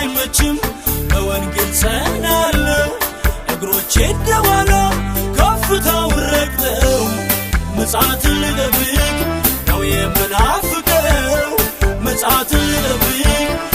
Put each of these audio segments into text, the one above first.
አይመችም በወንጌል ጸናለው እግሮቼ ደዋላ ከፍታው ረግጠው ምጻትን ልጠብቅ ነው የምናፍቀው ምጻትን ልጠብቅ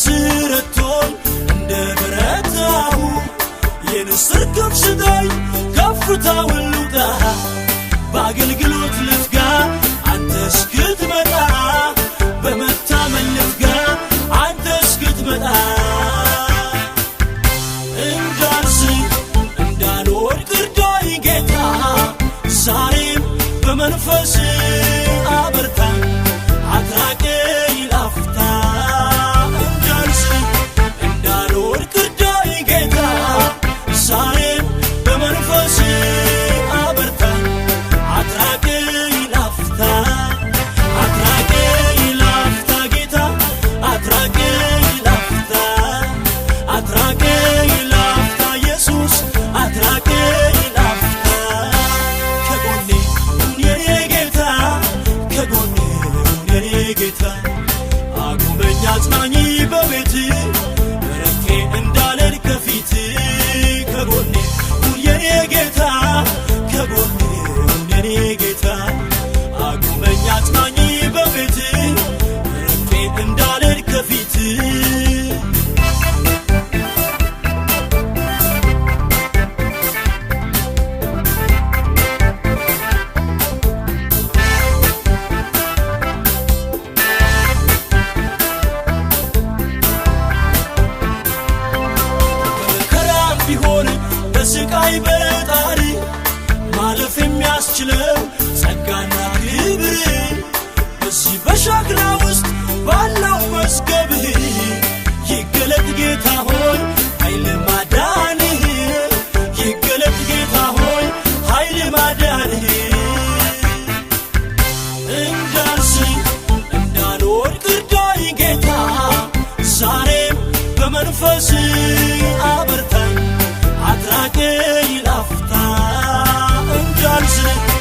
አስረቶኝ እንደ በረታው የንስር ከፍታ በአገልግሎት ልትጋ አንተ እስክትመጣ በመታመን ልትጋ አንተ እስክትመጣ እንዳልስኝ እንዳልወድቅ ጌታ ዛሬም በመንፈስ የምንችለው ጸጋና ክብርን በዚህ በሻክላ ውስጥ ባለው መዝገብህ ይገለጥ ጌታ ሆይ ኃይል ማዳንህ ይገለጥ ጌታ ሆይ ኃይል ማዳንህ እንዳልስኝ ጌታ ዛሬም በመንፈስ አበርታኝ accident